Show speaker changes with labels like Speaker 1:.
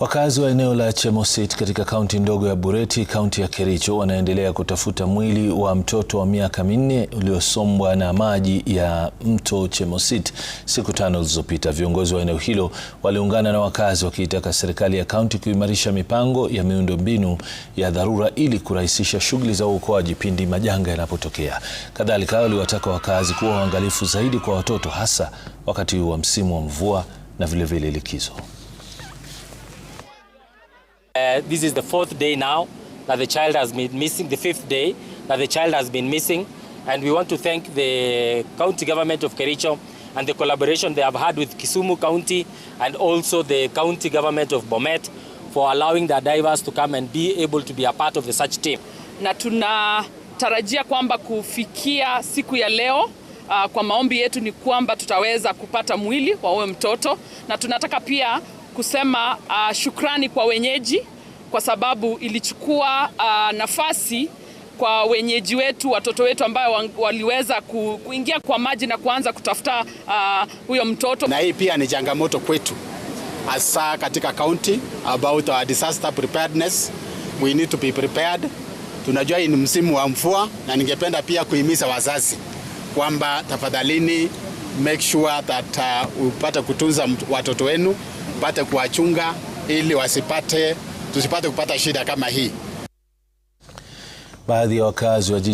Speaker 1: Wakazi wa eneo la Chemosit katika kaunti ndogo ya Bureti, kaunti ya Kericho wanaendelea kutafuta mwili wa mtoto wa miaka minne uliosombwa na maji ya mto Chemosit siku tano zilizopita. Viongozi wa eneo hilo waliungana na wakazi wakiitaka serikali ya kaunti kuimarisha mipango ya miundombinu ya dharura ili kurahisisha shughuli za uokoaji pindi majanga yanapotokea. Kadhalika, waliwataka wakazi kuwa waangalifu zaidi kwa watoto hasa wakati wa msimu wa mvua na vilevile vile likizo
Speaker 2: this is the fourth day now that the child has been missing, the fifth day that the child has been missing. And we want to thank the county government of Kericho and the collaboration they have had with Kisumu County and also the county government of Bomet for allowing the divers to come and be able to be a part of the search team.
Speaker 3: Na tunatarajia kwamba kufikia siku ya leo Uh, kwa maombi yetu ni kwamba tutaweza kupata mwili wa huyo mtoto na tunataka pia kusema uh, shukrani kwa wenyeji kwa sababu ilichukua uh, nafasi kwa wenyeji wetu, watoto wetu ambao waliweza kuingia kwa maji na kuanza kutafuta uh, huyo mtoto.
Speaker 4: Na hii pia ni changamoto kwetu, hasa katika county about our disaster preparedness, we need to be prepared. Tunajua hii ni msimu wa mvua, na ningependa pia kuhimiza wazazi kwamba tafadhalini, make sure that ah, upate kutunza watoto wenu, upate kuwachunga ili wasipate tusipate kupata shida kama hii. Baadhi ya wakazi wa jiji